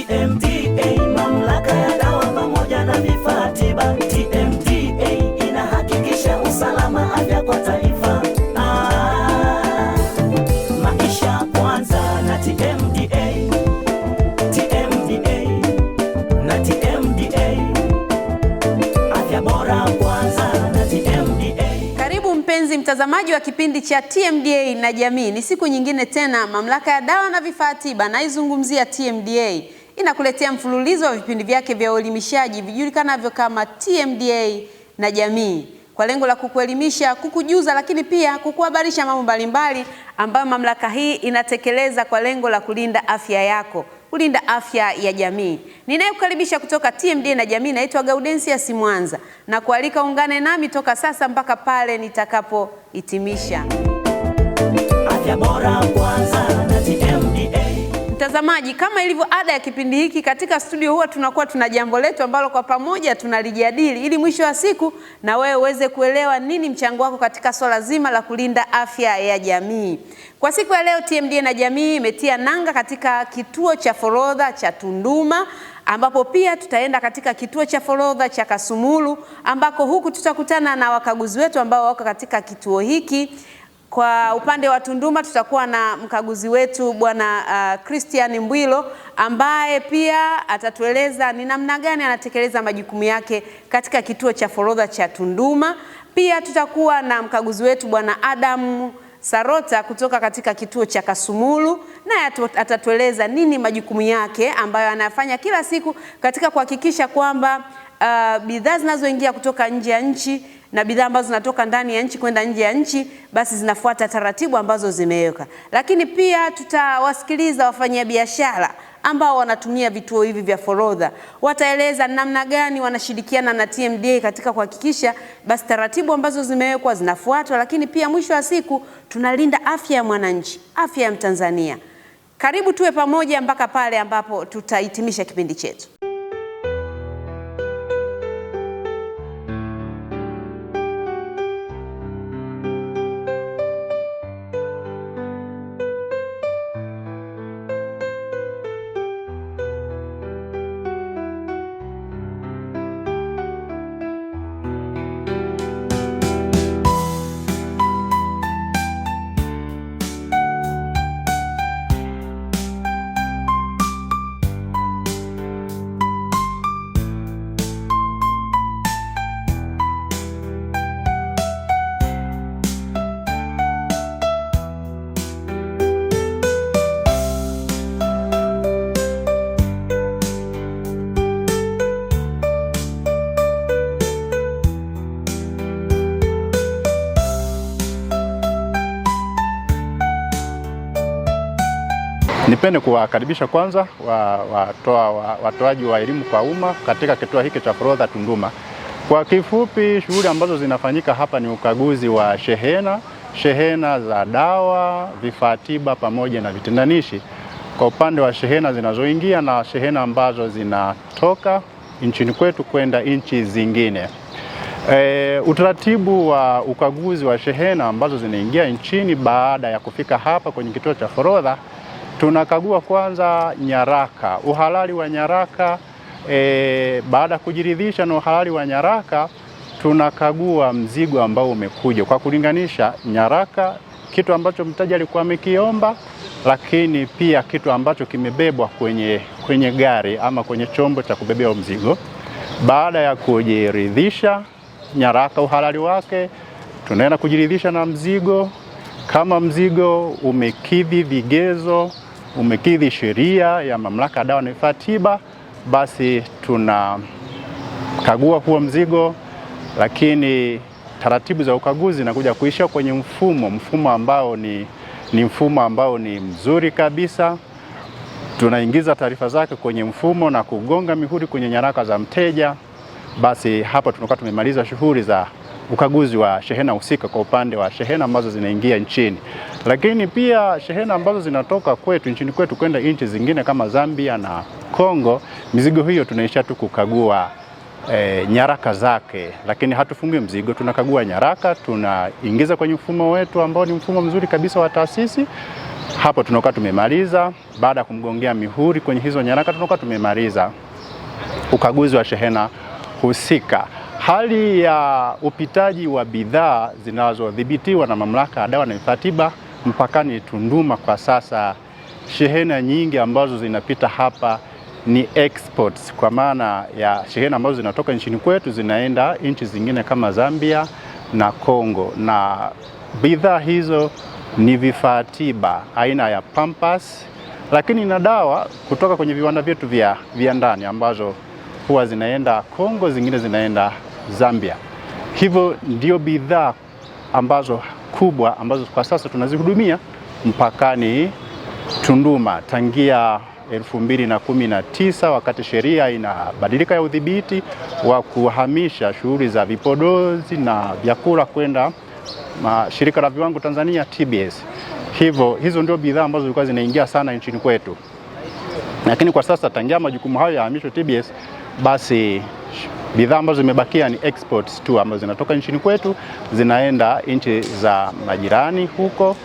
TMDA, mamlaka ya dawa pamoja na vifaa tiba. TMDA inahakikisha usalama afya kwa taifa. mpenzi mtazamaji wa kipindi cha TMDA na jamii. Ni siku nyingine tena, mamlaka ya dawa na vifaa tiba naizungumzia TMDA inakuletea mfululizo wa vipindi vyake vya uelimishaji vijulikanavyo kama TMDA na Jamii kwa lengo la kukuelimisha, kukujuza, lakini pia kukuhabarisha mambo mbalimbali ambayo mamlaka hii inatekeleza kwa lengo la kulinda afya yako, kulinda afya ya jamii. Ninayekukaribisha kutoka TMDA na Jamii naitwa Gaudensia Simwanza na kualika ungane nami toka sasa mpaka pale nitakapohitimisha. Afya bora kwanza mtazamaji, kama ilivyo ada ya kipindi hiki, katika studio huwa tunakuwa tuna jambo letu ambalo kwa pamoja tunalijadili ili mwisho wa siku na wewe uweze kuelewa nini mchango wako katika swala zima la kulinda afya ya jamii. Kwa siku ya leo, TMDA na jamii imetia nanga katika kituo cha forodha cha Tunduma ambapo pia tutaenda katika kituo cha forodha cha Kasumulu ambako huku tutakutana na wakaguzi wetu ambao wako katika kituo hiki kwa upande wa Tunduma tutakuwa na mkaguzi wetu bwana uh, Christian Mbwilo ambaye pia atatueleza ni namna gani anatekeleza majukumu yake katika kituo cha forodha cha Tunduma. Pia tutakuwa na mkaguzi wetu bwana Adam Sarota kutoka katika kituo cha Kasumulu, naye atatueleza nini majukumu yake ambayo anayafanya kila siku katika kuhakikisha kwamba uh, bidhaa zinazoingia kutoka nje ya nchi na bidhaa ambazo zinatoka ndani ya nchi kwenda nje ya nchi basi zinafuata taratibu ambazo zimewekwa. Lakini pia tutawasikiliza wafanyabiashara ambao wanatumia vituo hivi vya forodha, wataeleza namna gani wanashirikiana na TMDA katika kuhakikisha basi taratibu ambazo zimewekwa zinafuatwa, lakini pia mwisho wa siku tunalinda afya ya mwananchi, afya ya Mtanzania. Karibu tuwe pamoja mpaka pale ambapo tutahitimisha kipindi chetu. Nipende kuwakaribisha kwanza watoaji wa, wa elimu kwa umma katika kituo hiki cha forodha Tunduma. Kwa kifupi, shughuli ambazo zinafanyika hapa ni ukaguzi wa shehena shehena za dawa, vifaa tiba pamoja na vitendanishi kwa upande wa shehena zinazoingia na shehena ambazo zinatoka nchini kwetu kwenda nchi zingine. E, utaratibu wa ukaguzi wa shehena ambazo zinaingia nchini baada ya kufika hapa kwenye kituo cha forodha tunakagua kwanza nyaraka, uhalali wa nyaraka e, baada ya kujiridhisha na uhalali wa nyaraka tunakagua mzigo ambao umekuja kwa kulinganisha nyaraka, kitu ambacho mteja alikuwa amekiomba, lakini pia kitu ambacho kimebebwa kwenye, kwenye gari ama kwenye chombo cha kubebea mzigo. Baada ya kujiridhisha nyaraka uhalali wake, tunaenda kujiridhisha na mzigo, kama mzigo umekidhi vigezo umekidhi sheria ya mamlaka ya dawa na vifaa tiba, basi tunakagua huo mzigo, lakini taratibu za ukaguzi nakuja kuishia kwenye mfumo mfumo ambao ni, ni mfumo ambao ni mzuri kabisa. Tunaingiza taarifa zake kwenye mfumo na kugonga mihuri kwenye nyaraka za mteja, basi hapa tunakuwa tumemaliza shughuli za ukaguzi wa shehena husika kwa upande wa shehena ambazo zinaingia nchini lakini pia shehena ambazo zinatoka kwetu nchini kwetu kwenda nchi zingine kama Zambia na Kongo, mizigo hiyo tunaisha tu kukagua e, nyaraka zake, lakini hatufungi mzigo, tunakagua nyaraka, tunaingiza kwenye mfumo wetu ambao ni mfumo mzuri kabisa wa taasisi hapo tunakuwa tumemaliza. Baada ya kumgongea mihuri kwenye hizo nyaraka, tunakuwa tumemaliza ukaguzi wa shehena husika. Hali ya upitaji wa bidhaa zinazodhibitiwa na Mamlaka ya Dawa na Vifaa Tiba mpakani Tunduma kwa sasa shehena nyingi ambazo zinapita hapa ni exports, kwa maana ya shehena ambazo zinatoka nchini kwetu zinaenda nchi zingine kama Zambia na Kongo, na bidhaa hizo ni vifaa tiba aina ya pampas, lakini na dawa kutoka kwenye viwanda vyetu vya, vya ndani ambazo huwa zinaenda Kongo, zingine zinaenda Zambia. Hivyo ndio bidhaa ambazo kubwa ambazo kwa sasa tunazihudumia mpakani Tunduma tangia elfu mbili na kumi na tisa wakati sheria inabadilika ya udhibiti wa kuhamisha shughuli za vipodozi na vyakula kwenda shirika la viwango Tanzania TBS. Hivyo hizo ndio bidhaa ambazo zilikuwa zinaingia sana nchini kwetu, lakini kwa sasa tangia majukumu hayo yahamishwe TBS basi Bidhaa ambazo zimebakia ni exports tu ambazo zinatoka nchini kwetu zinaenda nchi za majirani huko.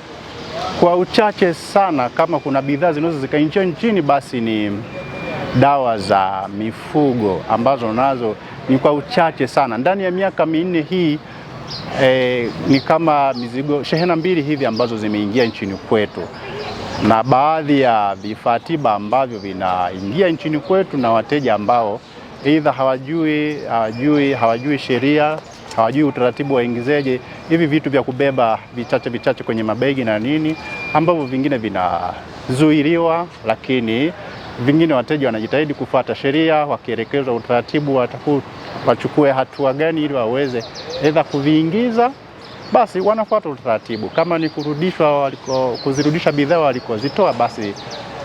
Kwa uchache sana, kama kuna bidhaa zinazo zikaingia nchini, basi ni dawa za mifugo ambazo nazo ni kwa uchache sana. Ndani ya miaka minne hii e, ni kama mizigo shehena mbili hivi ambazo zimeingia nchini kwetu na baadhi ya vifaa tiba ambavyo vinaingia nchini kwetu na wateja ambao Aidha hawajui hawajui hawajui sheria, hawajui utaratibu waingizeje hivi vitu vya kubeba vichache vichache kwenye mabegi na nini, ambavyo vingine vinazuiliwa, lakini vingine wateja wanajitahidi kufuata sheria, wakielekezwa utaratibu wachukue hatua gani ili waweze aidha kuviingiza, basi wanafuata utaratibu. Kama ni kurudishwa waliko, kuzirudisha bidhaa walikozitoa, basi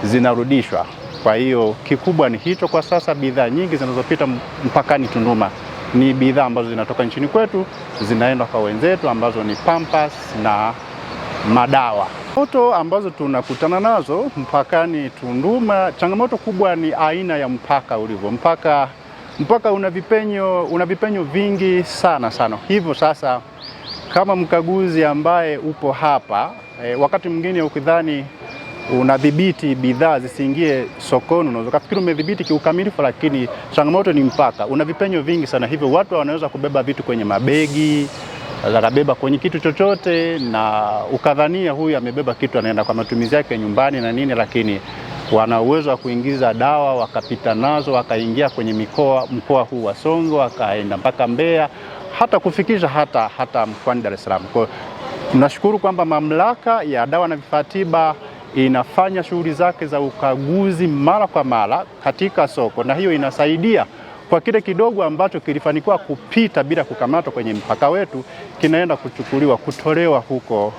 zinarudishwa. Kwa hiyo kikubwa ni hicho kwa sasa. Bidhaa nyingi zinazopita mpakani Tunduma ni bidhaa ambazo zinatoka nchini kwetu zinaenda kwa wenzetu, ambazo ni pampas na madawa. Changamoto ambazo tunakutana nazo mpakani Tunduma, changamoto kubwa ni aina ya mpaka ulivyo. Mpaka mpaka una vipenyo, una vipenyo vingi sana sana, hivyo sasa kama mkaguzi ambaye upo hapa e, wakati mwingine ukidhani unadhibiti bidhaa zisiingie sokoni. Unaweza kufikiri umedhibiti kiukamilifu, lakini changamoto ni mpaka. Una vipenyo vingi sana, hivyo watu wanaweza kubeba vitu kwenye mabegi akabeba kwenye kitu chochote, na ukadhania huyu amebeba kitu anaenda kwa matumizi yake nyumbani na nini, lakini wana uwezo wa kuingiza dawa wakapita nazo wakaingia kwenye mikoa mkoa huu wa Songwe wakaenda mpaka Mbeya hata kufikisha hata hata mkoani Dar es Salaam. Kwa nashukuru kwamba mamlaka ya dawa na vifaa tiba inafanya shughuli zake za ukaguzi mara kwa mara katika soko, na hiyo inasaidia kwa kile kidogo ambacho kilifanikiwa kupita bila kukamatwa kwenye mpaka wetu, kinaenda kuchukuliwa kutolewa huko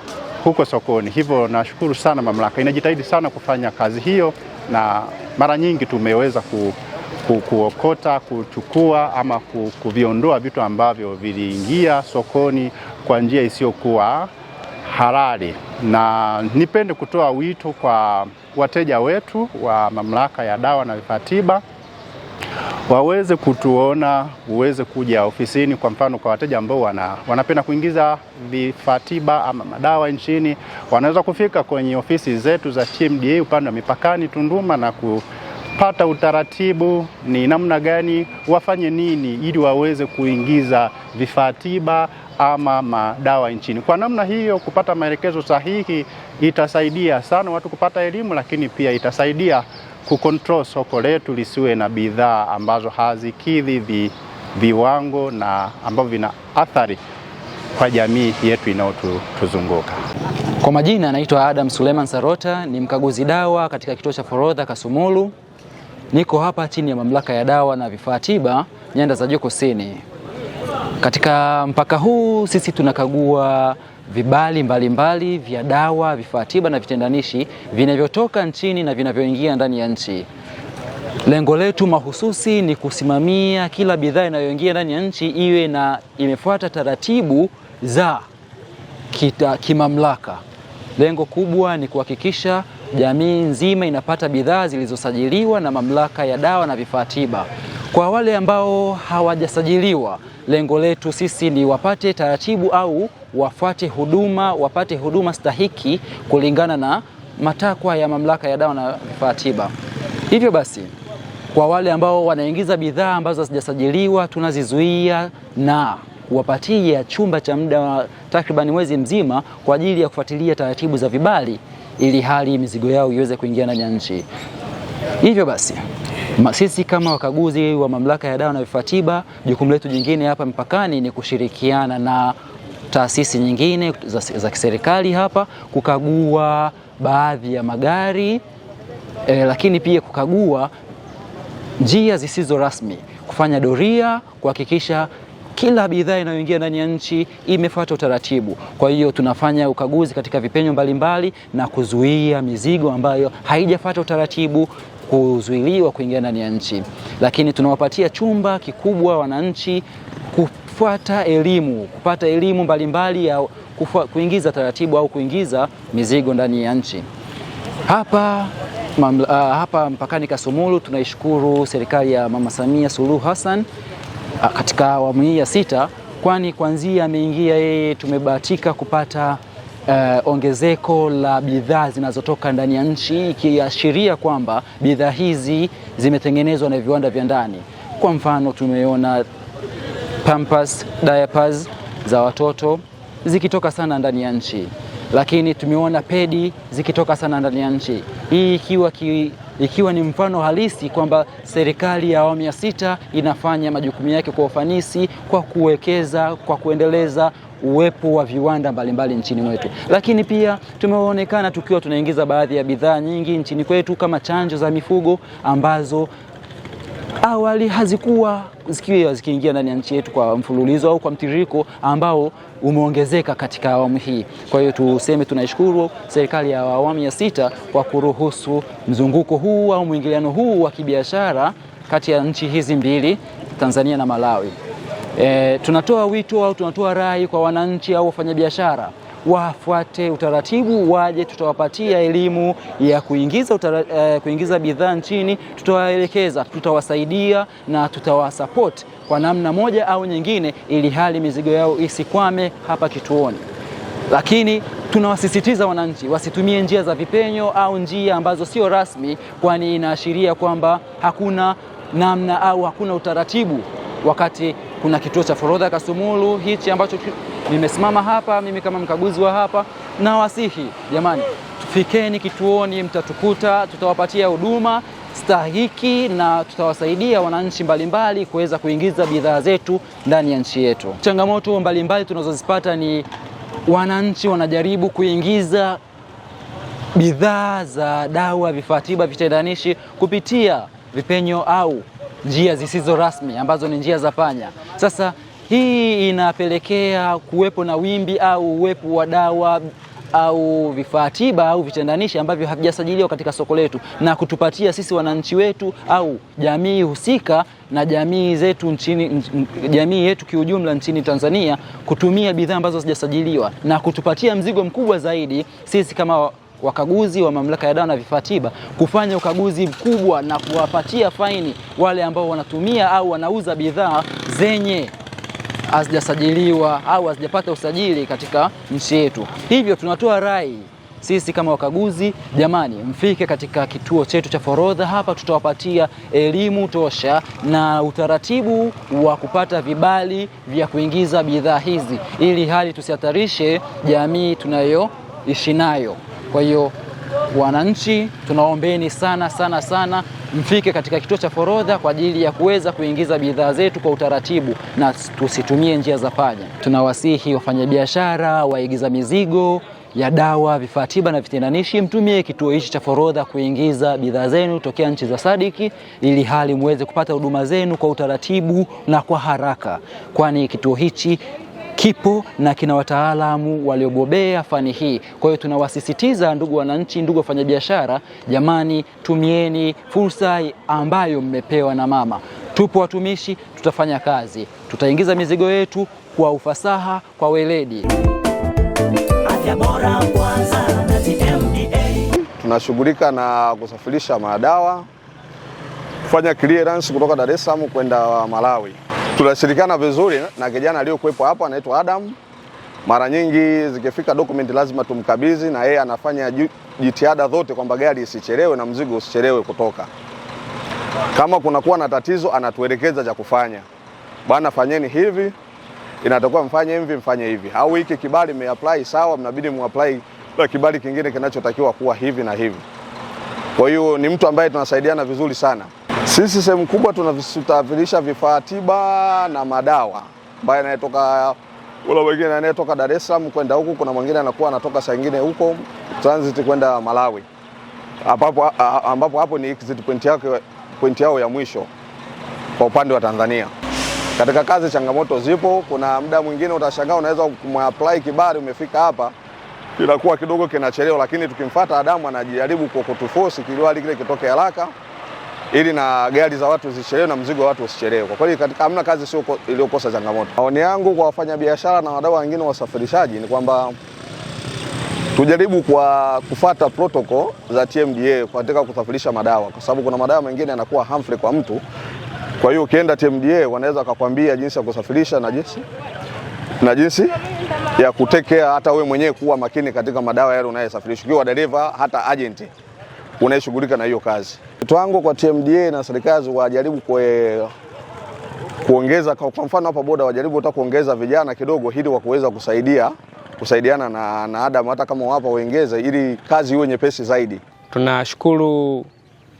huko sokoni. Hivyo nashukuru sana, mamlaka inajitahidi sana kufanya kazi hiyo, na mara nyingi tumeweza ku, ku, kuokota kuchukua ama ku, kuviondoa vitu ambavyo viliingia sokoni kwa njia isiyokuwa halali, na nipende kutoa wito kwa wateja wetu wa Mamlaka ya Dawa na Vifaa Tiba waweze kutuona, uweze kuja ofisini. Kwa mfano, kwa wateja ambao wana, wanapenda kuingiza vifaa tiba ama madawa nchini, wanaweza kufika kwenye ofisi zetu za TMDA upande wa mipakani Tunduma na ku pata utaratibu ni namna gani, wafanye nini ili waweze kuingiza vifaa tiba ama madawa nchini. Kwa namna hiyo, kupata maelekezo sahihi itasaidia sana watu kupata elimu, lakini pia itasaidia kukontrol soko letu lisiwe na bidhaa ambazo hazikidhi vi, viwango na ambavyo vina athari kwa jamii yetu inayotuzunguka. Kwa majina, anaitwa Adam Suleiman Sarota, ni mkaguzi dawa katika kituo cha forodha Kasumulu. Niko hapa chini ya mamlaka ya dawa na vifaa tiba nyanda za juu kusini. Katika mpaka huu sisi tunakagua vibali mbalimbali vya dawa, vifaa tiba na vitendanishi vinavyotoka nchini na vinavyoingia ndani ya nchi. Lengo letu mahususi ni kusimamia kila bidhaa inayoingia ndani ya nchi iwe na imefuata taratibu za kimamlaka. Lengo kubwa ni kuhakikisha jamii nzima inapata bidhaa zilizosajiliwa na mamlaka ya dawa na vifaa tiba. Kwa wale ambao hawajasajiliwa, lengo letu sisi ni wapate taratibu au wafuate huduma, wapate huduma stahiki kulingana na matakwa ya mamlaka ya dawa na vifaa tiba. Hivyo basi kwa wale ambao wanaingiza bidhaa ambazo hazijasajiliwa tunazizuia na kuwapatia chumba cha muda wa takribani mwezi mzima kwa ajili ya kufuatilia taratibu za vibali ili hali mizigo yao iweze kuingia ndani ya nchi. Hivyo basi sisi kama wakaguzi wa mamlaka ya dawa na vifaa tiba, jukumu letu jingine hapa mpakani ni kushirikiana na taasisi nyingine za, za kiserikali hapa kukagua baadhi ya magari e, lakini pia kukagua njia zisizo rasmi, kufanya doria, kuhakikisha kila bidhaa inayoingia ndani ya nchi imefuata utaratibu. Kwa hiyo tunafanya ukaguzi katika vipenyo mbalimbali na kuzuia mizigo ambayo haijafuata utaratibu kuzuiliwa kuingia ndani ya nchi, lakini tunawapatia chumba kikubwa wananchi kufuata elimu, kupata elimu mbalimbali ya kufua, kuingiza taratibu au kuingiza mizigo ndani ya nchi hapa mamla, ah, hapa mpakani Kasumulu tunaishukuru serikali ya Mama Samia Suluhu Hassan Ah, katika awamu hii ya sita, kwani kwanzia ameingia yeye tumebahatika kupata Uh, ongezeko la bidhaa zinazotoka ndani ya nchi ikiashiria kwamba bidhaa hizi zimetengenezwa na viwanda vya ndani. Kwa mfano, tumeona Pampers, diapers za watoto zikitoka sana ndani ya nchi, lakini tumeona pedi zikitoka sana ndani ya nchi, hii ikiwa ki ikiwa ni mfano halisi kwamba serikali ya awamu ya sita inafanya majukumu yake kwa ufanisi kwa kuwekeza, kwa kuendeleza uwepo wa viwanda mbalimbali nchini mwetu. Lakini pia tumeonekana tukiwa tunaingiza baadhi ya bidhaa nyingi nchini kwetu kama chanjo za mifugo ambazo awali hazikuwa zikiwa zikiingia ndani ya nchi yetu kwa mfululizo au kwa mtiririko ambao umeongezeka katika awamu hii. Kwa hiyo tuseme tunashukuru serikali ya awamu ya sita kwa kuruhusu mzunguko huu au mwingiliano huu wa kibiashara kati ya nchi hizi mbili, Tanzania na Malawi. E, tunatoa wito au tunatoa rai kwa wananchi au wafanyabiashara wafuate utaratibu, waje, tutawapatia elimu ya kuingiza, uh, kuingiza bidhaa nchini, tutawaelekeza, tutawasaidia na tutawasupport kwa namna moja au nyingine, ili hali mizigo yao isikwame hapa kituoni, lakini tunawasisitiza wananchi wasitumie njia za vipenyo au njia ambazo sio rasmi, kwani inaashiria kwamba hakuna namna au hakuna utaratibu, wakati kuna kituo cha forodha Kasumulu hichi ambacho Nimesimama hapa mimi kama mkaguzi wa hapa, na wasihi jamani, tufikeni kituoni, mtatukuta, tutawapatia huduma stahiki na tutawasaidia wananchi mbalimbali kuweza kuingiza bidhaa zetu ndani ya nchi yetu. Changamoto mbalimbali tunazozipata ni wananchi wanajaribu kuingiza bidhaa za dawa, vifaa tiba, vitendanishi kupitia vipenyo au njia zisizo rasmi ambazo ni njia za panya. Sasa hii inapelekea kuwepo na wimbi au uwepo wa dawa au vifaa tiba au vitendanishi ambavyo havijasajiliwa katika soko letu na kutupatia sisi wananchi wetu au jamii husika na jamii zetu nchini, jamii yetu kiujumla nchini Tanzania kutumia bidhaa ambazo hazijasajiliwa na kutupatia mzigo mkubwa zaidi sisi kama wakaguzi wa Mamlaka ya Dawa na Vifaa Tiba kufanya ukaguzi mkubwa na kuwapatia faini wale ambao wanatumia au wanauza bidhaa zenye hazijasajiliwa au hazijapata usajili katika nchi yetu. Hivyo tunatoa rai sisi kama wakaguzi, jamani, mfike katika kituo chetu cha forodha hapa, tutawapatia elimu tosha na utaratibu wa kupata vibali vya kuingiza bidhaa hizi, ili hali tusihatarishe jamii tunayoishi nayo. Kwa hiyo Wananchi tunaombeni sana sana sana mfike katika kituo cha forodha kwa ajili ya kuweza kuingiza bidhaa zetu kwa utaratibu na tusitumie njia za panya. Tunawasihi wafanyabiashara, waigiza mizigo ya dawa, vifaa tiba na vitendanishi, mtumie kituo hichi cha forodha kuingiza bidhaa zenu tokea nchi za sadiki, ili hali muweze kupata huduma zenu kwa utaratibu na kwa haraka, kwani kituo hichi kipo na kina wataalamu waliobobea fani hii. Kwa hiyo tunawasisitiza ndugu wananchi, ndugu wafanyabiashara, jamani, tumieni fursa ambayo mmepewa na mama. Tupo watumishi, tutafanya kazi, tutaingiza mizigo yetu kwa ufasaha, kwa weledi. Afya Bora Kwanza na TMDA tunashughulika na kusafirisha madawa, kufanya clearance kutoka Dar es Salaam kwenda Malawi. Tunashirikiana vizuri na kijana aliyokuwepo hapa anaitwa Adam. Mara nyingi zikifika document lazima tumkabidhi, na yeye anafanya jitihada zote kwamba gari isichelewe na mzigo usichelewe kutoka. Kama kunakuwa na tatizo, anatuelekeza cha kufanya, bwana, fanyeni hivi, inatakuwa mfanye hivi, mfanye hivi, au hiki kibali mmeapply, sawa, mnabidi muapply na kibali kingine kinachotakiwa kuwa hivi na hivi. Kwa hiyo ni mtu ambaye tunasaidiana vizuri sana. Sisi sehemu kubwa tunavitafirisha vifaa tiba na madawa ambayo yanayotoka ula wengine anayetoka Dar es Salaam kwenda huku, kuna mwingine anakuwa anatoka saa nyingine huko transit kwenda Malawi, ambapo ambapo hapo ni exit point yake point yao ya mwisho kwa upande wa Tanzania. Katika kazi changamoto zipo. Kuna muda mwingine utashangaa unaweza kumapply kibali, umefika hapa kinakuwa kidogo kinachelewa, lakini tukimfuata Adamu anajaribu kwa kutuforce kiliwali kile kitoke haraka ili na gari za watu zisichelewe na mzigo wa watu usichelewe. Kwa kweli katika hamna kazi sio iliyokosa changamoto. Maoni yangu kwa wafanyabiashara na wadau wengine wa usafirishaji ni kwamba tujaribu kwa kufata protocol za TMDA katika kusafirisha madawa, kwa sababu kuna madawa mengine yanakuwa harmful kwa mtu. Kwa hiyo ukienda TMDA wanaweza wakakwambia jinsi ya kusafirisha na jinsi na jinsi ya kutekea, hata wewe mwenyewe kuwa makini katika madawa yale unayosafirisha, ukiwa dereva hata agent unayeshughulika na hiyo kazi. Wito wangu kwa TMDA na serikali wajaribu kwe, kuongeza kwa mfano hapa boda wajaribu hata kuongeza vijana kidogo, ili wa kuweza kusaidia kusaidiana na, na Adam hata kama wapa waongeze ili kazi iwe nyepesi zaidi. Tunashukuru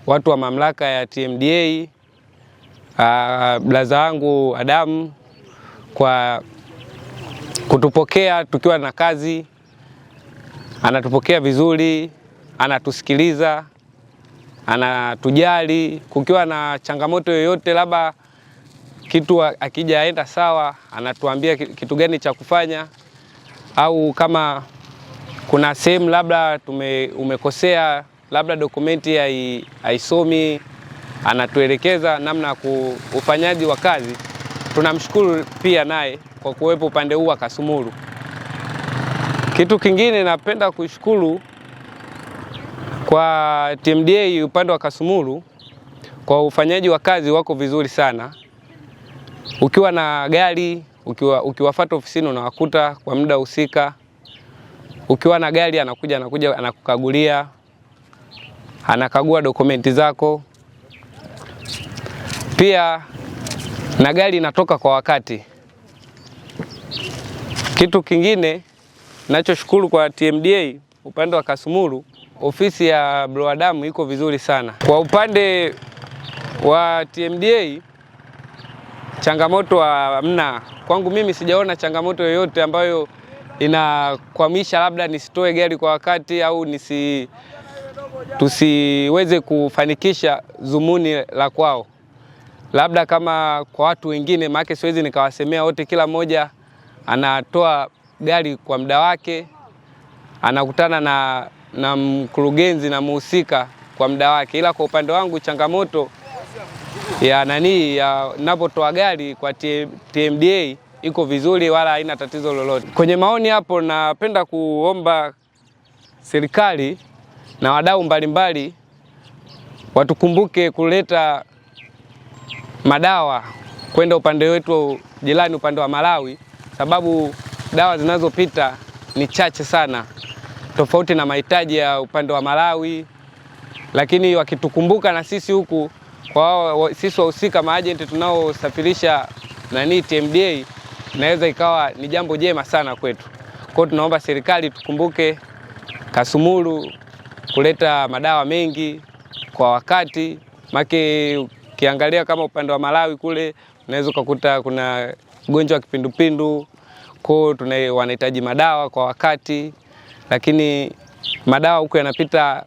watu wa mamlaka ya TMDA ah, blaza wangu Adamu kwa kutupokea tukiwa na kazi, anatupokea vizuri, anatusikiliza anatujali. Kukiwa na changamoto yoyote, labda kitu akijaenda sawa, anatuambia kitu gani cha kufanya, au kama kuna sehemu labda tume, umekosea labda dokumenti haisomi anatuelekeza namna ya ufanyaji wa kazi. Tunamshukuru pia naye kwa kuwepo upande huu wa Kasumulu. Kitu kingine napenda kushukuru kwa TMDA upande wa Kasumulu kwa ufanyaji wa kazi wako vizuri sana. Ukiwa na gari ukiwa, ukiwafata ofisini unawakuta kwa muda husika. Ukiwa na gari anakuja anakuja anakukagulia, anakagua dokumenti zako pia, na gari inatoka kwa wakati. Kitu kingine nachoshukuru kwa TMDA upande wa Kasumulu ofisi ya Bloadamu iko vizuri sana. Kwa upande wa TMDA changamoto hamna. Kwangu mimi sijaona changamoto yoyote ambayo inakwamisha labda nisitoe gari kwa wakati au nisi tusiweze kufanikisha zumuni la kwao, labda kama kwa watu wengine, maana siwezi nikawasemea wote. Kila mmoja anatoa gari kwa muda wake, anakutana na na mkurugenzi na muhusika kwa muda wake, ila kwa upande wangu changamoto ya nani ya ninapotoa gari kwa TMDA iko vizuri, wala haina tatizo lolote. Kwenye maoni hapo, napenda kuomba serikali na wadau mbalimbali watukumbuke kuleta madawa kwenda upande wetu jirani, upande wa Malawi, sababu dawa zinazopita ni chache sana tofauti na mahitaji ya upande wa Malawi, lakini wakitukumbuka na sisi huku kwa sisi wahusika maajenti tunaosafirisha nani TMDA, inaweza ikawa ni jambo jema sana kwetu. Kwa hiyo tunaomba serikali tukumbuke Kasumulu kuleta madawa mengi kwa wakati make. Ukiangalia kama upande wa Malawi kule, unaweza ukakuta kuna ugonjwa wa kipindupindu, kwao wanahitaji madawa kwa wakati lakini madawa huko yanapita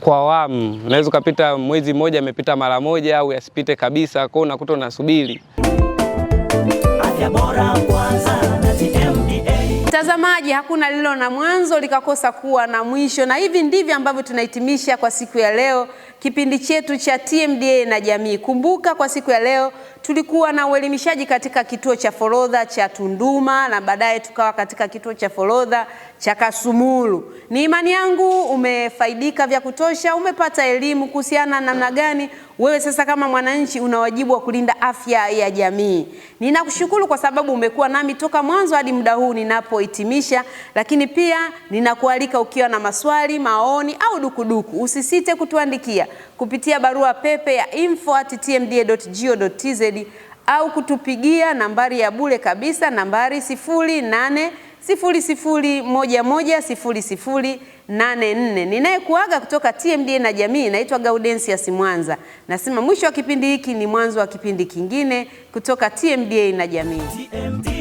kwa awamu. Unaweza ukapita mwezi mmoja amepita mara moja au yasipite kabisa, kwao unakuta unasubiri. Mtazamaji, hakuna lilo na mwanzo likakosa kuwa na mwisho, na hivi ndivyo ambavyo tunahitimisha kwa siku ya leo kipindi chetu cha TMDA na jamii. Kumbuka, kwa siku ya leo tulikuwa na uelimishaji katika kituo cha forodha cha Tunduma na baadaye tukawa katika kituo cha forodha cha Kasumulu. Ni imani yangu umefaidika vya kutosha, umepata elimu kuhusiana na namna gani wewe sasa kama mwananchi una wajibu wa kulinda afya ya jamii. Ninakushukuru kwa sababu umekuwa nami toka mwanzo hadi muda huu ninapohitimisha, lakini pia ninakualika ukiwa na maswali, maoni au dukuduku, usisite kutuandikia kupitia barua pepe ya info@tmda.go.tz au kutupigia nambari ya bure kabisa, nambari sifuri nane sifuri moja 00110084. Ninayekuaga kutoka TMDA na jamii naitwa Gaudensia Simwanza. Nasema mwisho wa kipindi hiki ni mwanzo wa kipindi kingine kutoka TMDA na jamii. TMDA.